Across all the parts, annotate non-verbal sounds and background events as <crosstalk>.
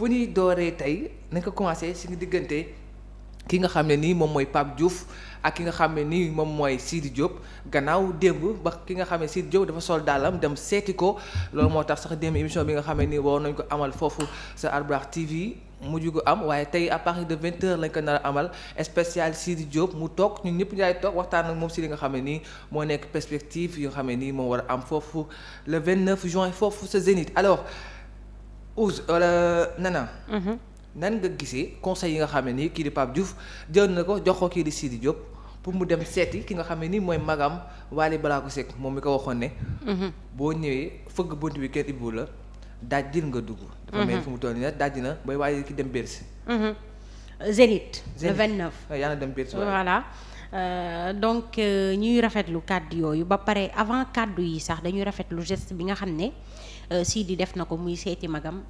fu ñuy dooree tey nañ ko commencé suñu diggante ki nga xam ne nii moom mooy Pape Diouf ak ki nga xam ne nii moom mooy Sidi Diop gannaaw démb ba ki nga xam ne Sidi Diop dafa sol daalam dem seeti ko loolu moo tax sax démb émission bi nga xam ne nii woo nañ ko amal foofu sa Arbrax TV mujj am waaye tey à partir de vingt heures lañ ko nar a amal spécial Sidi Diop mu toog ñun ñëpp ñaay toog waxtaan ak moom si li nga xam ne nii moo nekk perspective yoo xam ne nii moo war a am foofu le vingt neuf juin foofu sa Zénith alors. Ousse wala Nana. Mhm. nan nga gisee conseil yi nga xam ne nii kii di Pape Diouf jël na ko jox ko kii di Sidi Diop pour mu dem seeti ki nga xam ne nii mooy magam Waly Ballago Seck moom mi ko waxoon ne. Mhm. boo ñëwee fëgg bunt bi kenn ibbu la daaj dil nga dugg. dafa mhm. mel fu mu toll nii nag na bay waaye ki dem Bercy. Zénith. le 29 yaa dem Bercy voilà. Euh, donc euh, ñuy rafetlu kàddu yooyu ba pare avant kàddu yi sax dañuy rafetlu geste bi nga xam ne. Euh, Sidi def na ko muy seeti magam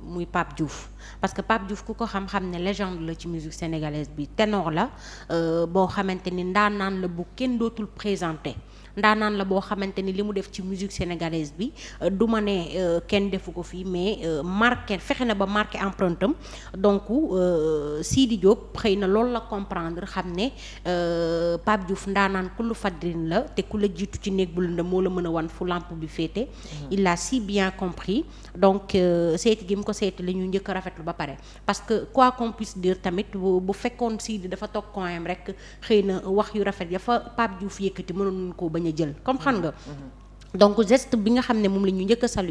muy Pape Diouf parce que Pape Diouf ku ko xam-xam ne légende la ci musique sénégalaise bi ténor la euh, boo xamante ni ndaanaan la bu kenn dootul présenté ndaanaan la boo xamante ni li mu def ci musique sénégalaise bi euh, du ma ne euh, kenn defu ko fii mais marqué fexe na ba marqué empreinte am donc Sidi Diop xëy na loolu la comprendre xam ne Pape Diouf ndaanaan ku lu fadrin la te ku la jiitu ci néeg bu lëndëm moo la mën a wan fu lampe bi féete mmh. il si bien compris donc seeti gi ko seeti la njëkk rafet rafetlu ba pare parce que quoi qu'on puisse dire tamit bu fekkoon Sidi dafa toog coin rek xëy na wax yu rafet ya fa Pape Diouf yëkkati mënoon ko bañ a jël comme xam nga mm-hmm. donc geste bi nga xam ne moom la ñu njëkk a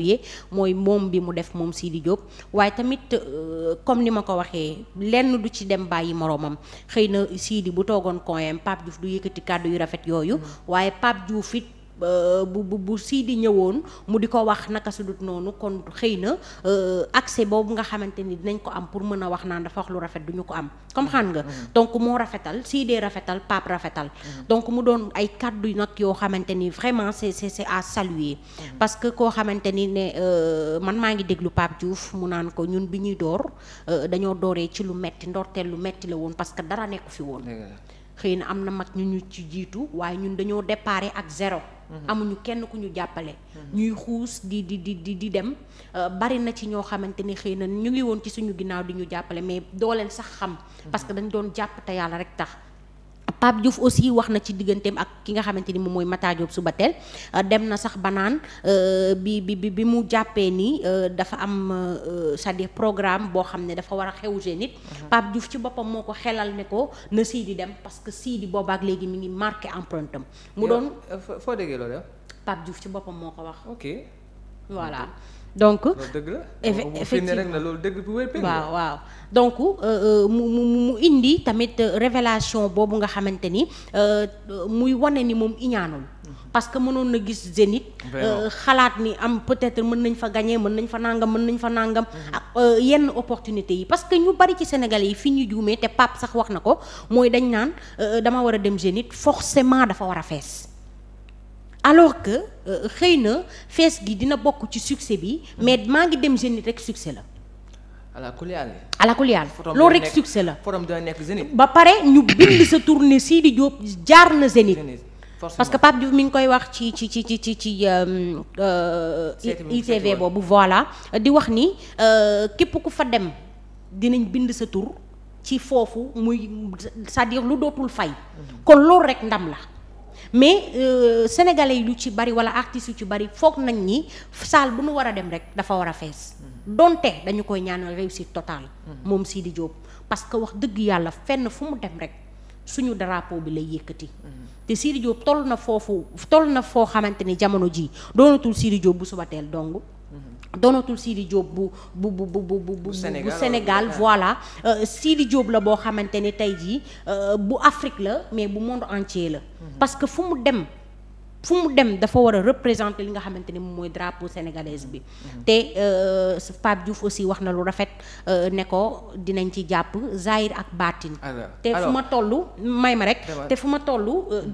mooy moom bi mu def moom siidi Diop waaye tamit euh, comme ni ma ko waxee lenn du ci dem bàyyi moroomam xëy na Sidi bu toogoon coin Pape Diouf du yëkkati kàddu yu rafet yooyu mm-hmm. waaye Pape Diouf it bu bu bu sii di ñëwoon mu di ko wax naka su noonu kon xëy na euh, accès boobu nga xamante ni dinañ ko am pour mën a wax naan dafa wax lu rafet du ñu ko am comme xam nga mm-hmm. donc moo rafetal sii dee rafetal pape rafetal mm-hmm. donc mu doon ay kàddu nag yoo xamante ni vraiment c'est c'est c'est à saluer mm-hmm. parce que koo xamante ni ne euh, man maa ngi déglu Pape Diouf mu naan ko ñun bi ñuy door euh, dañoo dooree ci lu metti ndorteel lu metti la woon parce que dara nekku fi woon xëy na am na mag ñu ñu ci jiitu waaye ñun dañoo déparé ak zéro Mm-hmm. amuñu kenn ku ñu jàppale. Mm-hmm. ñuy xuus di di di di di dem euh, bari na ci ñoo xamante ni xëy na ñu ngi woon ci suñu ginnaaw di ñu jàppale mais doo leen sax xam. Mm-hmm. parce que dañ doon jàpp te yàlla rek tax. Pape Diouf aussi wax na ci digganteem ak ki nga xamante ni moom mooy Mata Diop Soubatel euh, dem na sax banaan euh, bi bi bi mu jàppee ni euh, dafa am c'est-à-dire programme boo xam ne dafa war a xewu xew nit mhm. Pape Diouf ci boppam moo ko xelal ne ko na di dem parce que Sidi boobaak léegi mi ngi marqué empreinte am mu doon foo déggee loolu Diouf ci boppam moo ko wax ok donc dëgg la effectivement loolu dëgg bu wér waaw waaw donc euh, euh, mu mu indi tamit euh, révélation boobu nga xamante ni muy wane ni moom iñaanul mhm. parce que mënoon na gis Zénith xalaat ni am peut-être mën nañ fa gagner mën nañ fa nangam mën nañ fa nangam mhm. ak yenn opportunité yi parce que ñu bari ci sénégal yi fi ñu juumee te Pape sax wax na ko mooy dañ naan dama war a dem Zénith forcément dafa war a fees alors que euh, xëy na fees gi dina bokk ci succès bi mais maa ngi dem Zénith rek succès la. ala kuliyaal ala loolu rek succès la forum dina nekk ba pare ñu bind sa tournée Sidi Diop jaar na Zénith. parce que Pape Diouf mi ngi koy wax ci ci ci ci ci ci euh, euh, ITV boobu voilà di wax ni képp ku fa dem dinañ bind sa tur ci foofu muy cest lu dootul fay mhm. kon loolu rek ndam la. mais euh, sénégalais yi lu ci bari wala artistes ci bari foog nañ ni salle bu nu war a dem rek dafa war a fees donte dañu koy ñaanal réussite totale moom Sidi Diop parce que wax dëgg yàlla fenn fu mu dem rek suñu drapeau bi lay yëkkati te Sidi Diop toll na foofu toll na foo xamante ni jamono ji doonatul Sidi Diop bu suba teel dong doonatul Sidi Diop bu bu bu bu bu Sénégal, voilà euh, jóob la boo xamante ne tey jii euh, bu Afrique la mais bu monde entier la. Mm parce que fu mu dem. fu mu dem dafa war a représenter li nga xamante moom mooy drapeau sénégalaise bi mhm. te euh, Pape Diouf aussi wax na lu rafet euh, ne ko dinañ ci jàpp zahir ak baatin te fu ma toll may ma rek te fu ma toll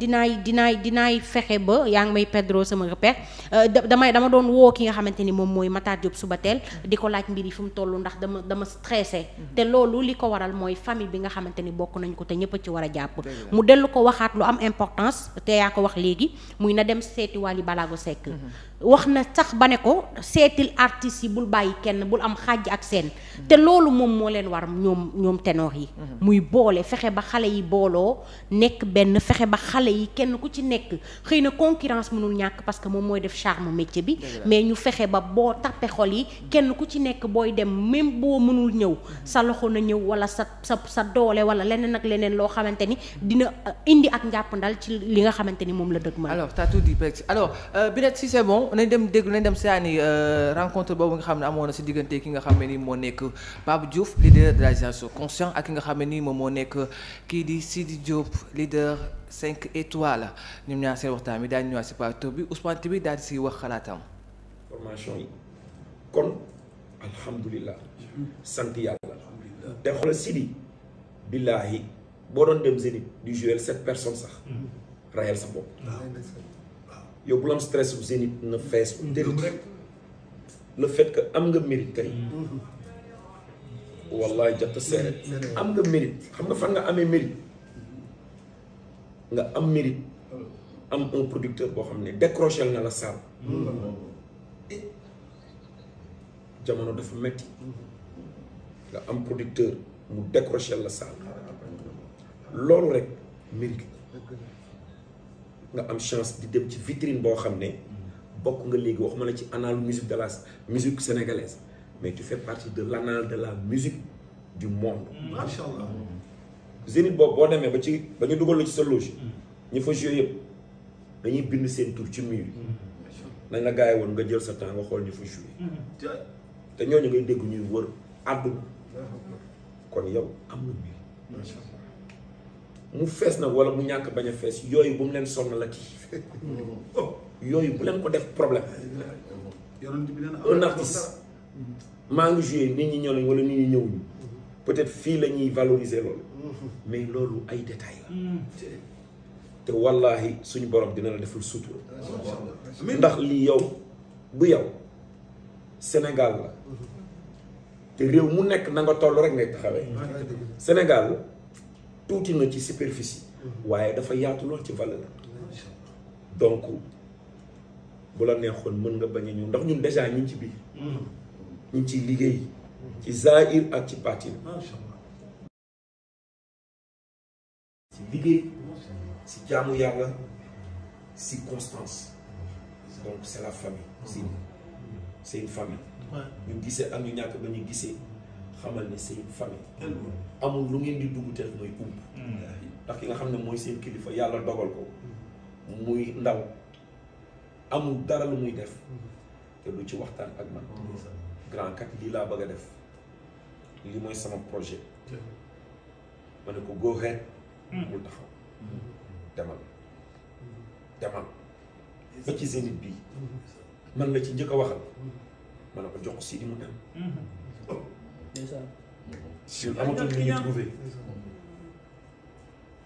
dinaay dinaay dinaay fexe ba yaa ngi may Pedro sama repère euh, damay dama doon woo ki nga xamante ni moom mooy Matar Diop suba teel mhm. di ko laaj mbir yi fu mu toll ndax dama dama stressé mhm. te loolu li ko waral mooy famille bi nga xamante ni bokk nañ ko te ñëpp ci war a jàpp mu dellu ko waxaat lu am importance te ko na dem seeti Wally Balago Seck mm-hmm. wax na sax ba ne ko seetil artistes yi bul bàyyi kenn bul am xàjj ak seen te loolu moom moo leen war ñoom ñoom ténor yi mhm. muy boole fexe ba xale yi booloo nekk benn fexe ba xale yi kenn ku ci nekk xëy na concurrence mënul ñàkk parce que moom mooy def charme métier bi mais ñu fexe ba boo tappe xol yi mhm. kenn ku ci nekk booy dem même boo mënul ñëw mhm. sa loxo na ñëw wala sa sa sa doole wala leneen ak leneen loo xamante ni dina indi ak njàpp ndal ci li nga xamante ni moom la dëgg ma alors t'as nañ dem déglu nañ dem seetaani euh, rencontre boobu nga xam ne amoon na si diggante ki nga xam ne nii moo nekk Pape Diouf leader de la conscient ak ki nga xam ne nii moom moo nekk kii di di Diop leader cinq étoiles ñoom ñaar seen waxtaan bi daañu ñëwaat si plateau bi bi daal di si wax xalaatam. formation yi kon alhamdulilah sant yàlla. te boo doon dem Zénith du jouer cette yow bu la am stress bu zénith na fees dëgg rek le fait que am nga mérite kay wallaay jot a am nga mérite xam nga fan nga amee mérite nga am mérite am un producteur boo xam ne décroché na la salle jamono dafa metti nga am producteur mu décroché la salle loolu rek mérite nga am chance di dem ci vitrine boo xam ne bokk nga léegi waxuma la ci annale musique de la musique sénégalaise mais tu fais partie de l'annale de la musique du monde. macha allah boobu boo demee ba ci ba ñu dugal la ci sa loge. ñu fa joué yëpp dañuy bind seen tour ci mur. nañ la gaay woon nga jël sa temps nga xool ñu fa joué. Mhm. te ñooñu ngay dégg ñuy wër àdduna. kon yow am na mbir. mu fees nag wala mu ñàkk bañ a fees yooyu bu mu leen sonn la kii mm-hmm. oh, yooyu bu leen ko def problème un ah, artiste ah, ah. maa ngi joué nit ñi ñëw nañ wala nit ñi ñëwuñu mm-hmm. peut-être fii lañuy ñuy valoriser loolu mm-hmm. mais loolu ay détails la te wallaahi suñu borom dina la deful sutura ndax lii yow bu yow Sénégal la te réew mu nekk na nga toll rek ngay taxawee Sénégal tuuti na ci superficie mhm. waaye dafa yaatu lool ci valeur donc bu la neexoon mën nga bañ a ñëw ndax ñun déjà ñu ngi ci biir mhm. ñu ngi ciy liggéey ci zahir ak ci baatin ci liggéey si jaamu yàlla si constance donc c'est la famille si mhm. c'est une famille ñu gisee ak ñu ñàkk ba ñu gisee xamal ni seen famille mm. amul lu ngeen di dugg te mooy umb mm. ndax ki nga xam ne mooy seen kilifa yàlla dogal ko mm. muy ndaw amul dara lu muy def te du ci waxtaan ak man grand kat lii laa bëgg a def lii mooy sama projet ma ne ko go ahead bul taxaw demal demal ba bii man la ci njëkk a waxal ma ne ko jox si di mu dem mm-hmm. sur amatul lu ñuy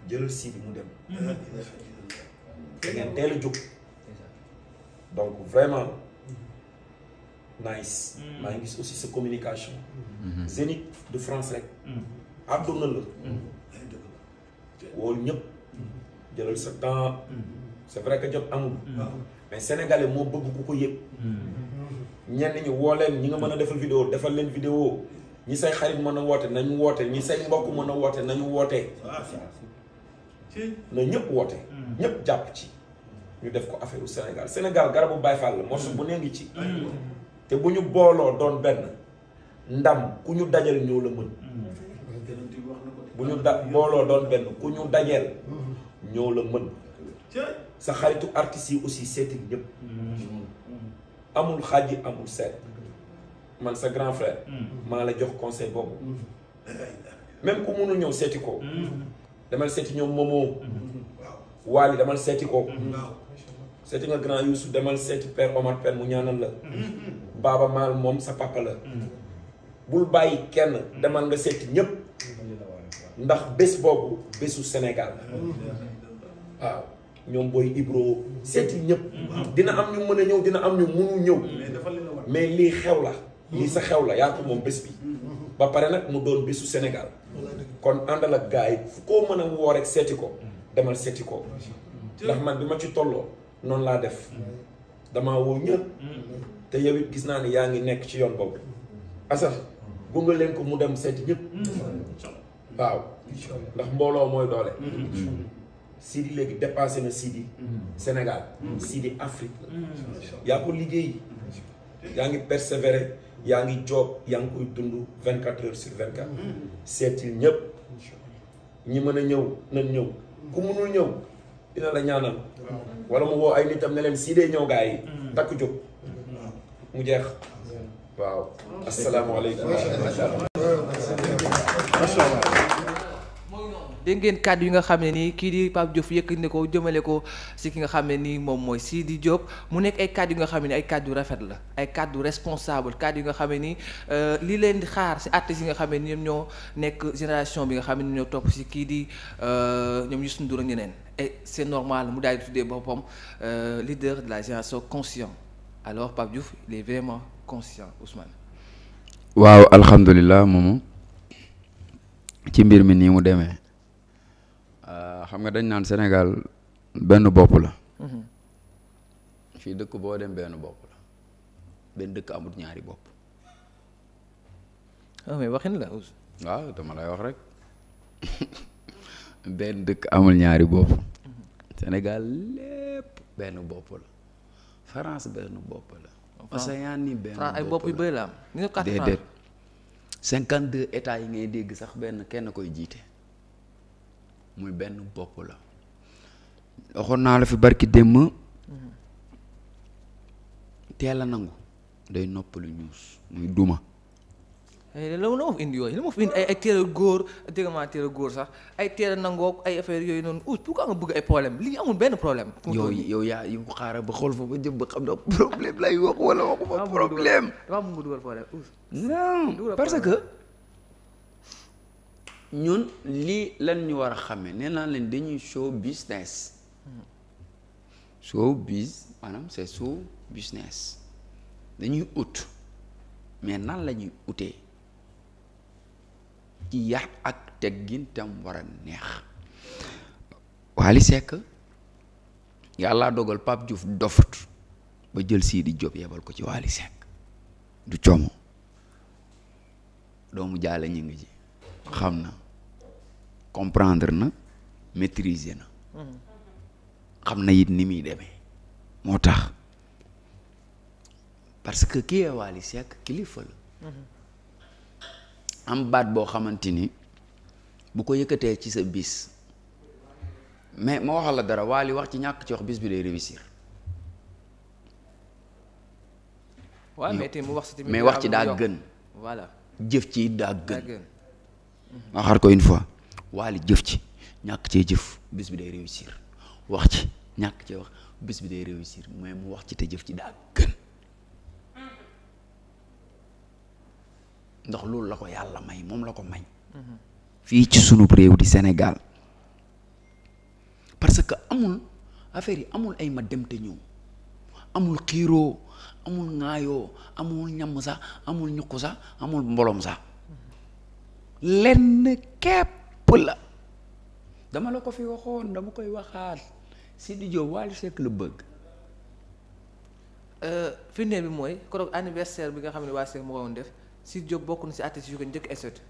jëlal si bi mu dem. da mhm. ngeen jóg. donc vraiment nice. Mhm. maa ngi gis aussi sa communication. Mhm. Zénith de France rek. àdduna la. wool ñëpp. jëlal sa temps. c' est vrai que jot amul. Ah. mais sénégalais moo bëgg ku ko yëg. ñenn ñi woo leen ñi nga mën a defal vidéo defal leen vidéo. ñi say xarit mën a woote nañu woote ñi say mbokk mën a woote nañu woote na ñëpp woote ñëpp jàpp ci ñu def ko affaire u Sénégal Sénégal garabu Baye Fall la bu nee ngi ci te bu ñu booloo doon benn ndam ku ñu dajal ñoo la mën bu ñu da booloo doon benn ku ñu dajeel ñoo la mën sa xaritu artistes yi aussi seeti ñëpp amul xaaj yi amul seet man sa grand frère. Mm. Mm-hmm. maa la jox conseil boobu. Mm-hmm. même ku munul ñëw seeti ko. Mm-hmm. demal seeti ñoom moomoo. waali demal seeti ko. seeti nga grand Youssou demal seeti père Omar père mu ñaanal la. Baba Maal moom sa papa la. bul bàyyi kenn demal nga seeti ñëpp ndax bés boobu bésu Sénégal la. waaw ñoom booy Ibro seeti ñépp dina am ñu mën a ñëw dina am ñu munu ñëw. mais lii xew la. lii sa xew la yaa ko moom bés bi ba pare nag mu doon bésu Sénégal kon àndal ak gars yi fu koo mën a woo rek seeti ko demal seeti ko ndax man bi ma ci tolloo noonu laa def damaa woo ñëpp te yow gis naa ni yaa ngi nekk ci yoon boobu asal gunge ko mu dem seeti ñëpp waaw ndax mbooloo mooy doole Sidi léegi dépassé na Sidi Sénégal Sidi Afrique yaa ko liggéey yaa ngi persévérer yaa ngi job yaa ngi koy dund vingt quatre heures sur vingt quatre seetil ñëpp ñi mën a ñëw nañ ñëw ku mënul ñëw dina la ñaanal wala mu woo ay nitam ne leen sii dee ñëw gaa yi takk jóg mu jeex waaw asalaamaaleykum dégg ngeen kàddu yi nga xam ne nii kii di Pape Diouf yëkkati ne ko jëmale ko si ki nga xam ne nii moom mooy di Diop mu nekk ay kàddu yu nga xam ne nii ay kàddu rafet la ay kàddu responsable kàddu yi nga xam ne nii euh, lii leen di xaar si artistes si nga xam ne ñoom ñoo nekk génération bi nga xam ne ñoo topp si kii di euh, ñoom suñ Ndour ak ñeneen et c'est normal mu daal di tuddee boppam euh, leader de la génération conscient alors Pape Diouf il est vraiment conscient Ousmane. waaw alhamdulilah moomu ci mbir mi nii mu demee. xam nga dañ naan Sénégal benn bopp la. Mhm. fii dëkk boo dem benn bopp la benn dëkk amut ñaari bopp. ah mais waxin la. dama lay wax rek <laughs> benn dëkk amul ñaari bopp. Mhm. Sénégal lépp benn bopp la France benn bopp la. Océanie ni benn bopp yu bëri la am. déedéet 52 états yi ngay dégg sax benn kenn koy jiite. muy benn bopp la waxoon naa la fi barki démb mm-hmm. teel a nangu day noppalu ñuus muy duma la la ma indi yooyu la ma fi indi ay ay góor sax ay teel nangoo nangoog ay affaire yooyu noonu ut pourquoi nga bëgg ay problème li amul benn problème. yow yow yaa yow xaaral ba xool fa ba jëm ba xam na problème lay wax wala waxuma problème. dafa am mu dugal problème parce que. ñun lii lan ñu war a xàmmee nee naa leen dañuy show business show biz maanaam c'est show business dañuy ut mais nan la ñuy utee ci yar ak teggin tam war a neex Wally Seck yàlla dogal Pape Diouf dofut ba jël sii di Diop yebal ko ci Wally Seck du coomo doomu jaale ñu ngi ji xam na comprendre na maitrise na xam na it ni muy deme moo tax parce que kii Wally Seck kilifa la am baat boo xamante ni bu ko yëkkatee ci sa bis mais ma waxal la dara Wally wax ci ñàkk ci wax bis bi day réussir waaw mais wax mais wax ci daa gën voilà jëf ci daa gën nga xaar ko une fois waali jëf ci ñàkk cee jëf bis bi day réussir wax ci ñàkk cee wax bis bi day réussir mais mu wax ci te jëf ci daa gën ndax loolu la ko yàlla may moom la ko may fii ci sunu réew di Sénégal parce que amul affaire yi amul ay ma dem te ñëw amul xiiroo amul ŋaayoo amul ñamm sax amul ñuq sax amul mbolom sax lenn képp la dama la ko fi waxoon dama koy waxaat Sidi Diop Wally Seck la bëgg. Euh, fi ne bi mooy keroog anniversaire bi xam ne waa Seck mu ko woon def bokk na si artistes yu njëkk exot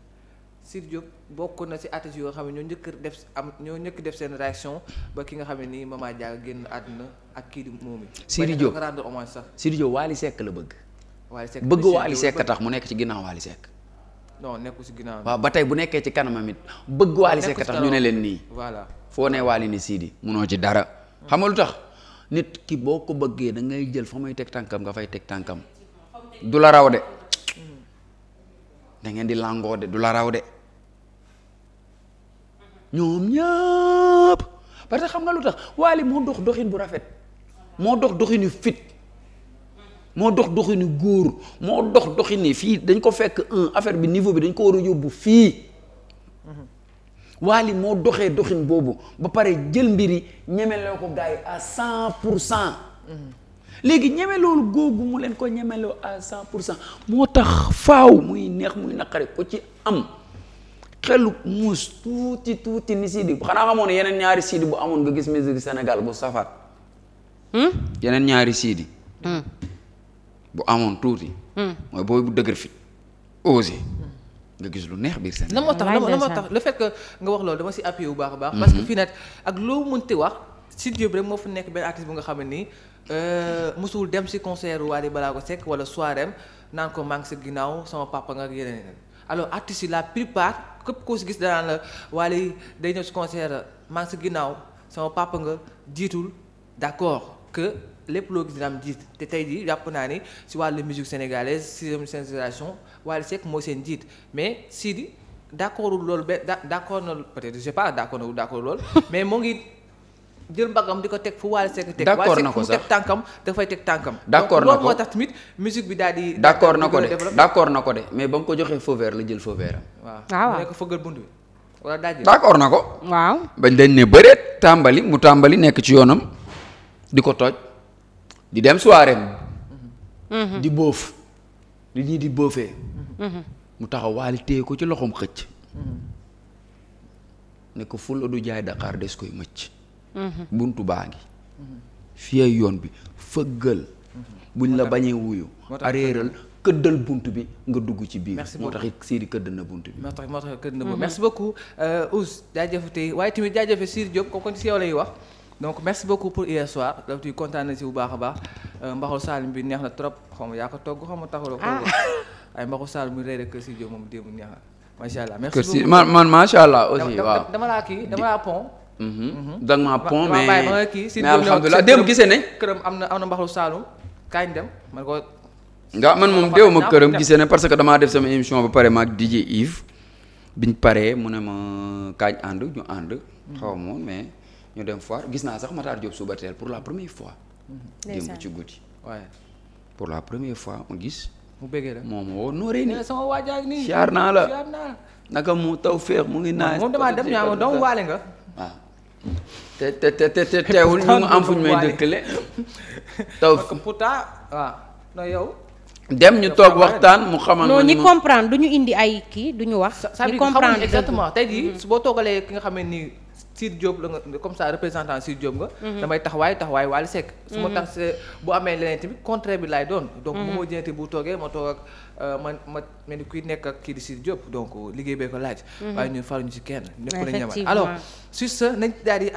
Sidi Diop bokk na si artistes yoo xam ne ñoo njëkk def am ñoo njëkk def seen ba ki nga xam ne nii Mama Diaga génn àdduna ak moom it. Sidi Diop rendre hommage sax Sidi Diop Wally Seck la bëgg. Wally Seck bëgg Wally Seck tax mu nekk ci ginnaaw Wally non nekku si ginnaaw waaw ba tey bu nekkee ci kanamam it bëgg Wally Seck tax ñu ne leen nii. voilà foo ne Wally ni Sidi munoo ci dara. xam nga lu tax nit ki boo ko bëggee da ngay jël fa may teg tànkam nga fay teg tànkam du la raw de da ngeen di langoo de du la raw de ñoom ñëpp parce que xam nga lu tax Wally moo dox doxin bu rafet moo dox doxin yu fit. moo dox doxinu góor moo dox doxini fii dañ ko fekk affaire bi niveau bi dañ ko war a yóbbu fii waali moo doxee doxin boobu ba pare jël mbiri ñemeloo ko gars à cent pour cent léegi ñemeloolu googu mu leen ko ñemeloo à cent pour cent moo tax faaw muy neex muy naqari ko ci am xelu muus tuuti tuuti ni Sidi xanaa amoon yeneen ñaari Sidi bu amoon nga gis musique Sénégal bu safar hmm? yeneen ñaari Sidi hmm. bu amoon tuuti. Hmm. mooy booy bu dëgër fit osé. nga gis lu neex biir seen. na moo tax la moo tax le fait que nga wax loolu dama si appuyé bu baax a baax. Hmm. parce que fii ak loo mënti wax. studio bi rek moo fa nekk benn artiste bu nga xam ne nii euh, mosul dem si concert Wally Ballago Seck wala soiréem naan ko maa sa ginnaaw sama papa nga ak yeneen alors artistes yi la plupart képp koo si gis danaan la Wally day ñëw si concert maa sa ginnaaw sama papa nga jiitul lépp loo gis jiit te tey jii jàpp naa ni si wàllu musique sénégalaise sixième sensation Wally Seck mooy seen jiit mais Sidi d'accord loolu ba d'accord na peut-être je sais pas d'accord na d'accord <laughs> mais moo ngi jël mbaggam di ko teg fu Wally Seck teg Wally Seck tànkam dafay teg tànkam d'accord na ko tax tamit musique bi daal di d'accord na ko de d'accord na mais ba ko joxee feu vert jël feu vert am waaw ah, ne ko fëggal bunt bi wala daaj na ko waaw bañ dañ ne bëreet tàmbali mu tàmbali nekk ci yoonam di ko toj di dem soirée mm-hmm. di boof li ñuy di boofee mm-hmm. mu taxaw waali téye ko ci loxoom xëcc mm-hmm. ne ko fulla du jaay daqaar des koy mëcc bunt baa ngi fii ay yoon bi fëggal buñ la bañee wuyu aréeral këddal bunt bi nga dugg ci biir. moo tax it Sidi këdd na bunt bi. moo tax këdd na bunt merci beaucoup euh, Ousse jaajëfute waaye tamit jaajëfe Sidi Diop kooku ci yow lay wax. donc merci beaucoup pour hier soir daf tuy kontaan na si bu baax a baax euh, mbaxu saalum bi neex na trop xaw ma yaa ko togg xaw ma taxuloo ko ah. <laughs> ay mbaxu saalum bi rey kër si Diop moom démb neex na macha allah merci beaucoup allah aussi waaw dama laa kii dama laa pont mhm. mhm. da nga maa pont mais ma kii si gisee nañ këram am na am na mbaxu saalum kañ dem man ko waaw man moom déew ma këram gisee ne parce que damaa def sama émission ba pare ma ak DJ Yves biñ pare mu ne ma kañ ànd ñu ànd mhm. xaw ma mais ñu dem foire gis naa sax Matar Diop suba teel pour la première fois. Mm-hmm. démb ci guddi. pour la première fois mu gis. mu bëggee la moom moo nooree nii. sama waa nii siyaar naa naa la. naka mu taw féex mu ngi naan. moom damaa dem ñaar moom doomu waale nga. waaw ah. te te te teewul ñu ngi am fu ñu may dëkkale. taw na yow. dem ñu toog waxtaan mu xamal. non ñi comprendre du ñu indi ay kii du ñu wax. ñi comprendre exactement tey jii mm-hmm. boo toogalee ki nga xam ne nii. Sidi Diop la nga comme ça représentant Sidi Diop nga. Mhm. damay taxawaay taxawaay Wally Seck. su ma mhm. tax bu amee leneen tamit contraire bi laay doon. donc bu ma jënte bu toogee ma toog ak euh, ma ma mel ni kuy nekk ak kii di Sidi Diop donc liggéey bee ko laaj. Mhm. waaye ñun faruñu ci kenn. effectivement la ñamal alors sur ce nañ daal di